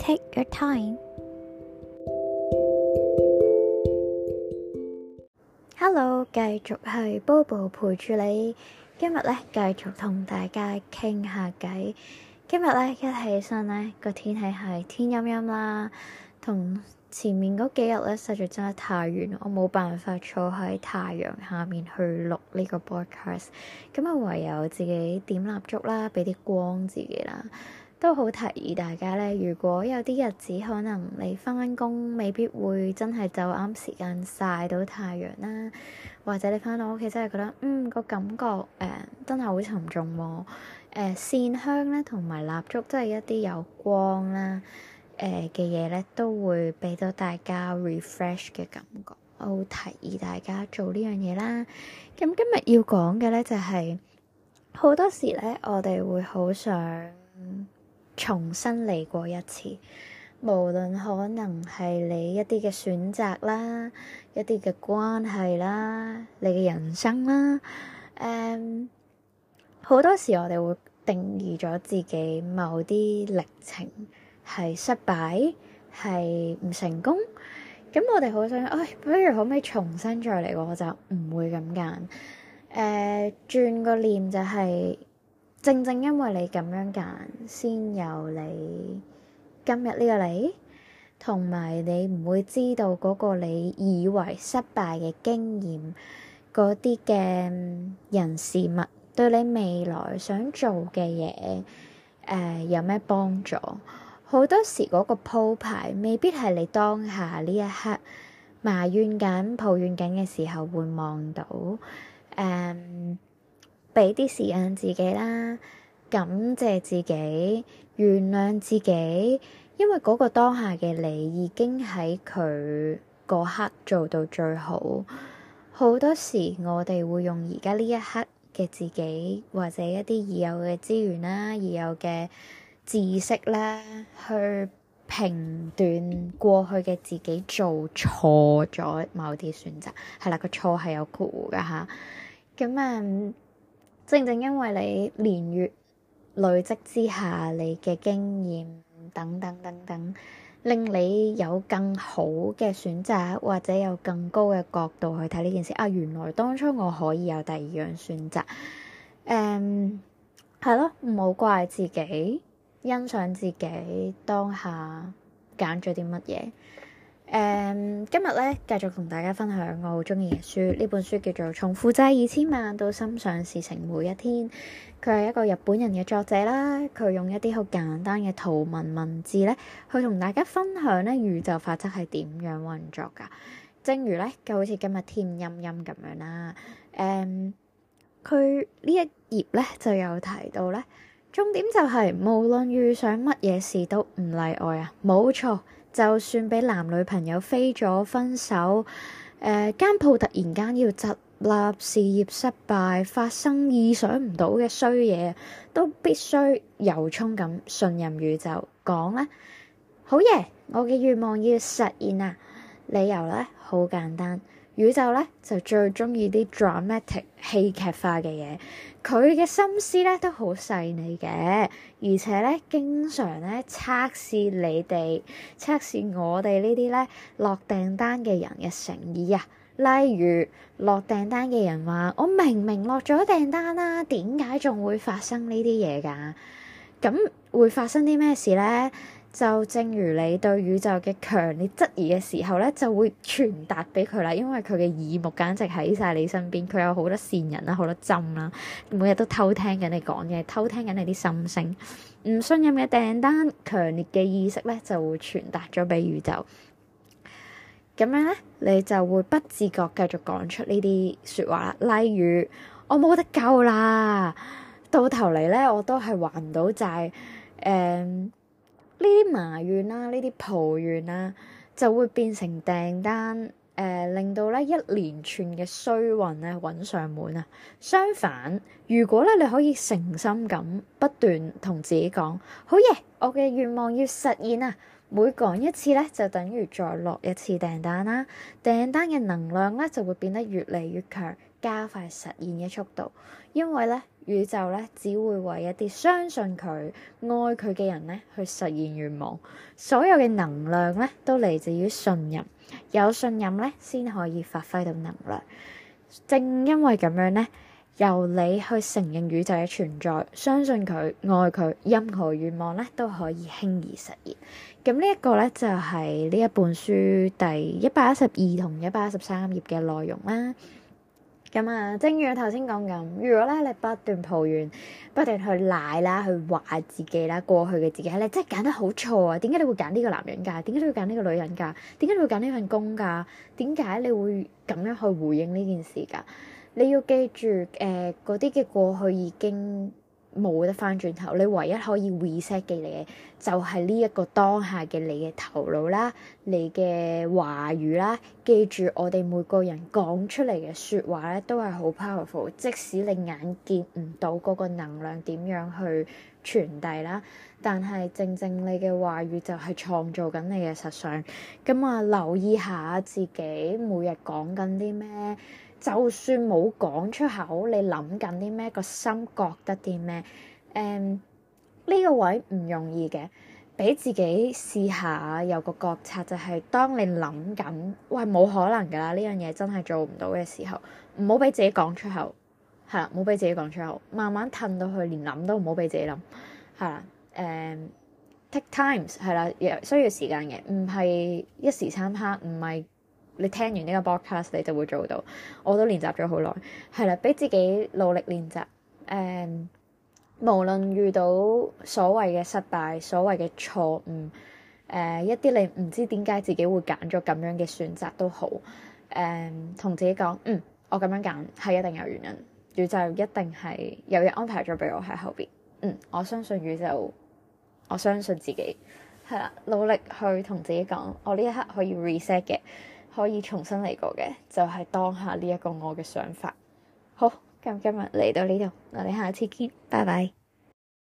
Take your time. Hello，繼續係 Bobo 陪住你。今日咧繼續同大家傾下偈。今日咧一起身咧個天氣係天陰陰啦，同前面嗰幾日咧實在真係太熱，我冇辦法坐喺太陽下面去錄呢個 broadcast。咁啊，唯有自己點蠟燭啦，俾啲光自己啦。都好，提議大家咧。如果有啲日子，可能你翻工未必會真係就啱時間曬到太陽啦，或者你翻到屋企真係覺得嗯個感覺誒、呃、真係好沉重喎、啊。誒、呃、線香咧同埋蠟燭，即係一啲有光啦誒嘅嘢咧，都會俾到大家 refresh 嘅感覺。我好提議大家做呢樣嘢啦。咁今日要講嘅咧就係、是、好多時咧，我哋會好想，重新嚟過一次，無論可能係你一啲嘅選擇啦、一啲嘅關係啦、你嘅人生啦，誒、嗯、好多時我哋會定義咗自己某啲歷程係失敗、係唔成功。咁我哋好想，誒、哎，不如可唔可以重新再嚟過？我就唔會咁揀。誒、嗯，轉個念就係、是。正正因為你咁樣揀，先有你今日呢個你，同埋你唔會知道嗰個你以為失敗嘅經驗，嗰啲嘅人事物，對你未來想做嘅嘢，誒、呃、有咩幫助？好多時嗰個鋪排，未必係你當下呢一刻埋怨緊、抱怨緊嘅時候會望到，誒、嗯。俾啲時間自己啦，感謝自己，原諒自己，因為嗰個當下嘅你已經喺佢嗰刻做到最好。好多時我哋會用而家呢一刻嘅自己，或者一啲已有嘅資源啦、已有嘅知識啦，去評斷過去嘅自己做錯咗某啲選擇。係啦，個錯係有過㗎吓，咁啊～正正因為你年月累積之下，你嘅經驗等等等等，令你有更好嘅選擇，或者有更高嘅角度去睇呢件事。啊，原來當初我可以有第二樣選擇。誒，um，係咯，唔好怪自己，欣賞自己當下揀咗啲乜嘢。誒，um，今日咧繼續同大家分享我好中意嘅書，呢本書叫做《從負債二千萬到心想事成每一天》，佢係一個日本人嘅作者啦。佢用一啲好簡單嘅圖文文字咧，去同大家分享咧宇宙法則係點樣運作噶。正如咧，就好似今日天，天陰陰咁樣啦、啊。誒、um，佢呢一頁咧就有提到咧，重點就係、是、無論遇上乜嘢事都唔例外啊，冇錯。就算畀男女朋友飛咗分手，誒、呃、間鋪突然間要執笠，事業失敗，發生意想唔到嘅衰嘢，都必須由衷咁信任宇宙，講啦，好嘢，我嘅願望要實現喇！理由咧好簡單，宇宙咧就最鍾意啲 dramatic 戲劇化嘅嘢，佢嘅心思咧都好細膩嘅，而且咧經常咧測試你哋、測試我哋呢啲咧落訂單嘅人嘅誠意啊。例如落訂單嘅人話：我明明落咗訂單啦、啊，點解仲會發生呢啲嘢㗎？咁會發生啲咩事咧？就正如你對宇宙嘅強烈質疑嘅時候咧，就會傳達俾佢啦，因為佢嘅耳目簡直喺晒你身邊，佢有好多線人啦，好多針啦，每日都偷聽緊你講嘢，偷聽緊你啲心聲。唔信任嘅訂單，強烈嘅意識咧就會傳達咗俾宇宙，咁樣咧你就會不自覺繼續講出呢啲説話啦，例如我冇得救啦，到頭嚟咧我都係還唔到債、就是，誒、嗯。呢啲埋怨啦、啊，呢啲抱怨啦、啊，就會變成訂單，誒、呃，令到咧一連串嘅衰運咧揾上門啊！相反，如果咧你可以誠心咁不斷同自己講，好嘢，我嘅願望要實現啊！每講一次咧，就等於再落一次訂單啦。訂單嘅能量咧就會變得越嚟越強，加快實現嘅速度，因為咧。宇宙咧，只會為一啲相信佢、愛佢嘅人咧，去實現願望。所有嘅能量咧，都嚟自於信任。有信任咧，先可以發揮到能量。正因為咁樣咧，由你去承認宇宙嘅存在，相信佢、愛佢，任何願望咧都可以輕易實現。咁呢一個咧，就係呢一本書第一百一十二同一百一十三頁嘅內容啦。咁啊，正如我頭先講咁，如果咧你不斷抱怨、不斷去賴啦、去話自己啦、過去嘅自己，你真係揀得好錯啊！點解你會揀呢個男人㗎？點解你會揀呢個女人㗎？點解你會揀呢份工㗎？點解你會咁樣去回應呢件事㗎？你要記住，誒嗰啲嘅過去已經冇得翻轉頭，你唯一可以 reset 嘅嘢就係呢一個當下嘅你嘅頭腦啦，你嘅話語啦。記住，我哋每個人講出嚟嘅説話咧，都係好 powerful，即使你眼見唔到嗰個能量點樣去傳遞啦，但係正正你嘅話語就係創造緊你嘅實相，咁啊留意下自己每日講緊啲咩，就算冇講出口，你諗緊啲咩，個心覺得啲咩，誒、嗯、呢、呢個位唔容易嘅，俾自己試下有個覺察，就係、係、當你諗緊喂，冇可能㗎啦，呢樣嘢真係做唔到嘅時候，唔好俾自己講出口。係啦，冇俾自己講出口，慢慢褪到去，連諗都唔好俾自己諗。係啦，誒、嗯，take times 係啦，需要時間嘅，唔係一時三刻，唔係你聽完呢個 broadcast 你就會做到。我都練習咗好耐，係啦，俾自己努力練習。誒、嗯，無論遇到所謂嘅失敗、所謂嘅錯誤，誒、呃、一啲你唔知點解自己會揀咗咁樣嘅選擇都好，誒、嗯、同自己講，嗯，我咁樣揀係一定有原因。宇宙一定係有嘢安排咗俾我喺後邊，嗯，我相信宇宙，我相信自己，係啦，努力去同自己講，我呢一刻可以 reset 嘅，可以重新嚟過嘅，就係當下呢一個我嘅想法。好，咁今日嚟到呢度，我哋下次見，拜拜。